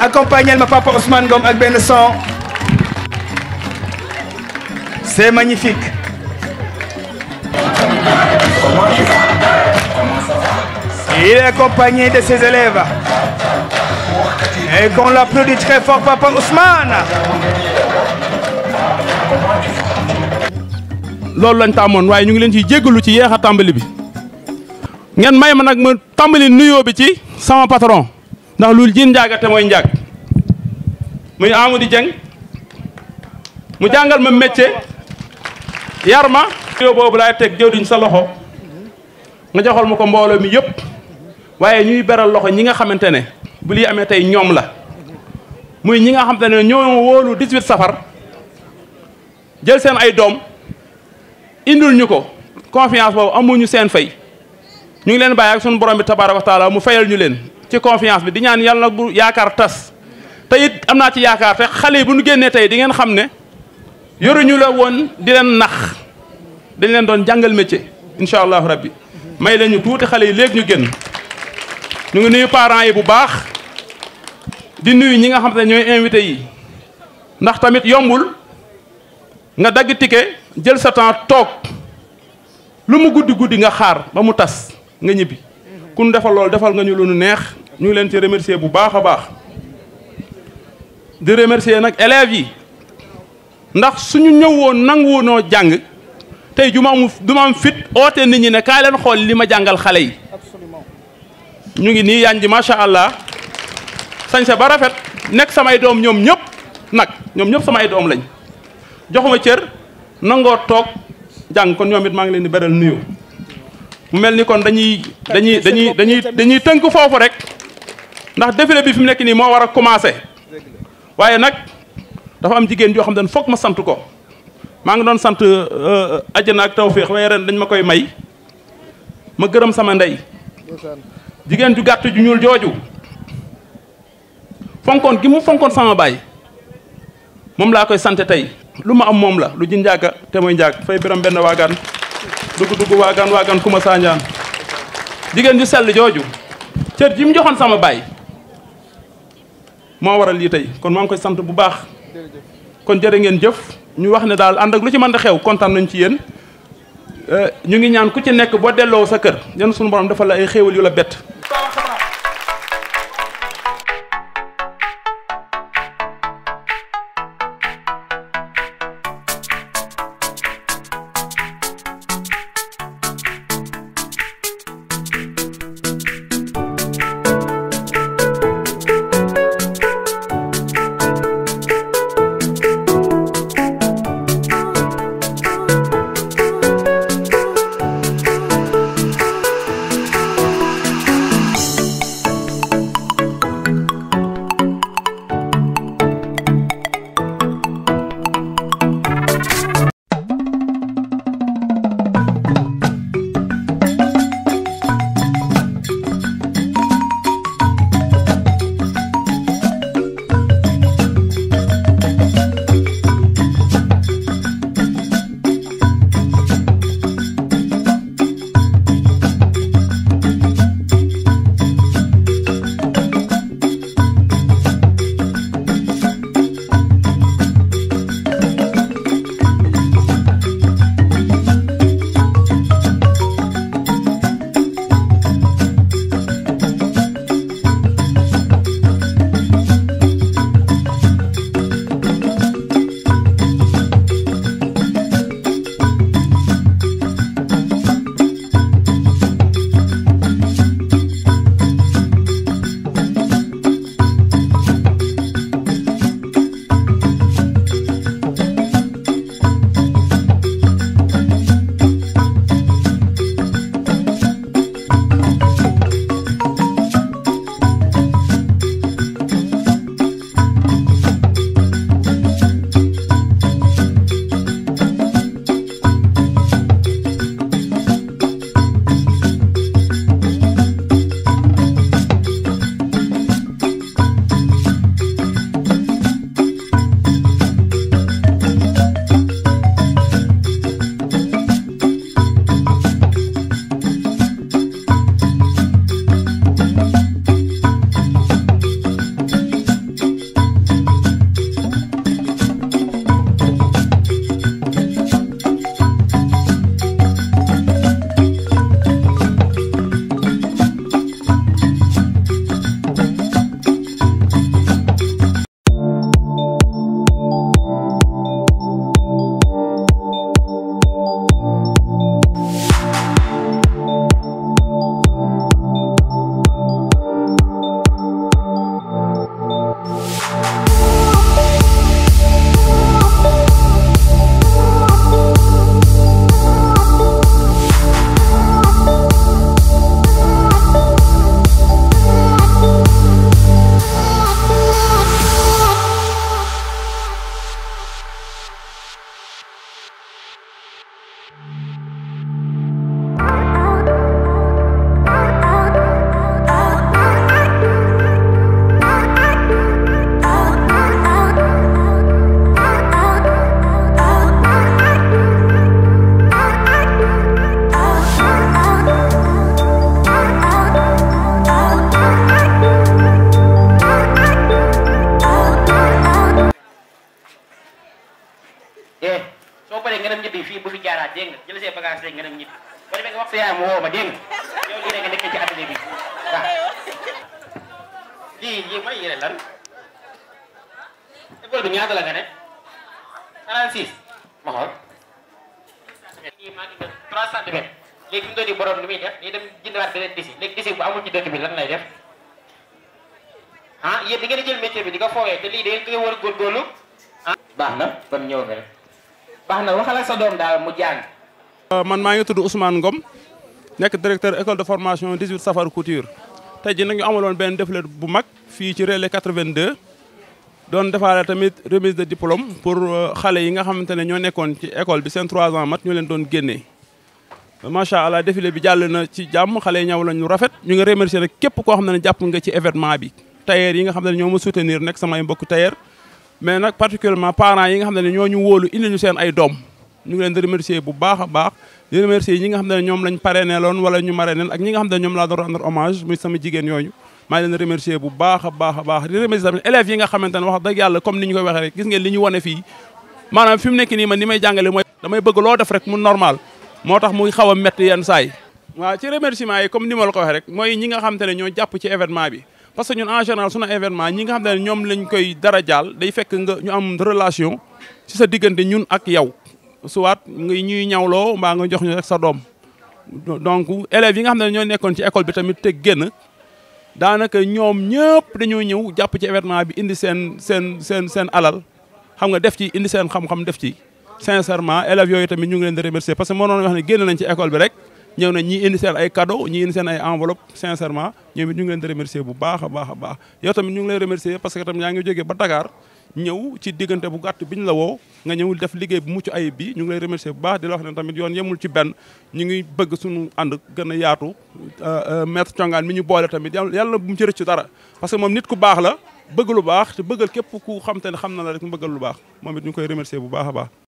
accompagné ma papa Ousmane Ngom ak c'est magnifique il est accompagné de ses élèves et qu'on l'applaudit très fort papa Ousmane loolu lañ tàmmoon waaye ñu ngi leen ciy jéggalu ci ma patron ndax loolu jin njaaga te mooy njaag muy Amady Dieng mu jàngal ma métier yar ma yow boobu laay teg jëwriñ sa loxo nga joxal ma ko mbooloo mi yëpp waaye ñuy beral loxo ñi nga xamante ne bu liy amee tey ñoom la muy ñi nga xamante ne ñoo wóolu 18 safar jël seen ay doom indul ñu ko confiance boobu amuñu seen fay ñu ngi leen bàyyi ak sunu borom bi tabaaraka wa taala mu fayal ñu leen ci confiance bi di ñaan yalla bu yakartas. tass te it am ci yaakar te xale bu ñu génnee tay di ngeen xamné yoruñu la won di len nax dañ len doon jangal métier inshallah rabbi may lañu tuuti xale leg ñu génn ñu ngi nuyu parents yi bu baax di nuyu ñi nga xamné ñoy invité yi ndax tamit yombul nga dag ticket jël sa temps tok lu mu guddi guddi nga xaar ba mu tas nga ñibi kun defal lol defal nga ñu lu ñu neex ñu leen ci remercier bu baaxa baax di remercier nak élève yi ndax suñu ñëwoo nanguwoo noo jang tay juma mu duma am fit oté nit ñi ne ka leen xol li ma jàngal xale yi ñu ngi ni yañ ji macha allah sa ba rafet nekk samay doom ñep nak ñom ñep sama ay doom lañ joxuma cër nangoo tok jang kon ñomit ma ngi leen di beral nuyu mu mel ni kon dañuy dañuy dañuy dañuy dañuy tënk foofu rek ndax défilé bi fi mu nekk nii moo war a commencé waaye nag dafa am jigéen joo xam ne foog ma sant ko maa ngi doon sant àjjana euh, euh, ak tawféex waaye ren dañ ma koy may ma gërëm sama ndey jigéen ju gàtt ju ñuul jooju fonkoon gi mu fonkoon sama baay moom laa koy sante tey lu ma am moom la lu ji njàgga te mooy njaag fay biram benn waagaan dugg dugg waagaan waagaan ma sañaan jigéen ju sell jooju cër ji mu joxoon sama baay moo waral lii tey kon maa ngi koy sant bu baax kon jërë ngeen jëf ñu wax ne daal ànd ak lu ci mën a xew kontaan nañu ci yéen eh, ñu ngi ñaan ku ci nekk boo delloo sa kër yan sunu borom dafa la ay xéewal yu la bett ba dégg yow lii rek nekk ci atelier bi waaw lii lii mooy yére lan école bi ñaata la nga ma xool di borom eh. gitu. iya, eh. lu ya. def dem jëndiwaat beneen disi léegi disi bu amul ci dëkk bi lan lay def ah yéen di ngeen jël métier bi di ko te lii da ngeen koy war a góorgóorlu baax rek sa mu man ngi Ousmane Ngom nekk directeur école de formation 18 safar couture tey ji nag ñu amaloon benn défilé bu mag fii ci relais 82 doon defaale tamit remise de diplôme pour euh, xale yi nga xamante ne ñoo nekkoon ci école bi seen 3 ans mat ñu leen doon génnee macha allah défilé bi jàll na ci jàmm xale yi ñaw lañ ñu rafet ñu ngi remercier rek képp koo xam ne jàpp nga ci événement bi tailleur yi nga xam ne ñoo ma soutenir nag samay mbokk tailleur mais nag particulièrement parents yi nga xam ne ñoo ñu wóolu indi ñu seen ay doom ñu ngi leen di bu baax a baax di remercier lañ parrainé loon wala ñu marrainé ak ñi nga xam ne a baax a baax di remercier tamit nga xamante ne wax dëgg yàlla ni ñu koy waxee rek gis ngeen li ñu wane fii maanaam fi mu nekk mu normal xaw a métti yenn saa yi waaw ci comme ni ma la ko waxee rek mooy ñi nga xam te ne ñoo jàpp ci événement bi parce que ñun en général sunu événement ñi nga xam te ne ñoom lañ koy dara jaal day fekk nga ñu am relation ci sa diggante ñun ak yow soit ngay ñuy ñawloo mbaa nga jox ñu rek sa doom donc élèves yi nga xam ne ñoo nekkoon ci école bi tamit te génn daanaka ñoom ñëpp dañoo ñëw jàpp ci événement bi indi sen sen sen alal xam nga def ci indi sen xam-xam def ci sincèrement élèves yooyu tamit ñu ngi leen di remercier parce que mënoon wax ne génn nañ ci école bi rek ñi indi sen ay cadeau ñi indi sen ay enveloppe sincèrement ñoom it ñu ngi leen di remercier bu baax a baax a yow tamit ñu ngi lay remercier parce que tamit ngi jógee ba Dakar ñëw ci diggante bu gàtt bi ñu la wow nga ñëwul def liggéey bu mucc ayib bi ñu ngi lay remercier bu baax di la wax ne tamit yoon yemul ci benn ñu ngi bëgg suñu ànd gën a yaatu euh, euh, maître congaan mi ñu boole tamit yàlla bu mu ci rëcc dara parce que moom nit ku baax la bëgg lu baax te bëggal képp ku xam te ne xam na la rek mu bëggal lu baax moom it ñu koy remercier bu baax a baax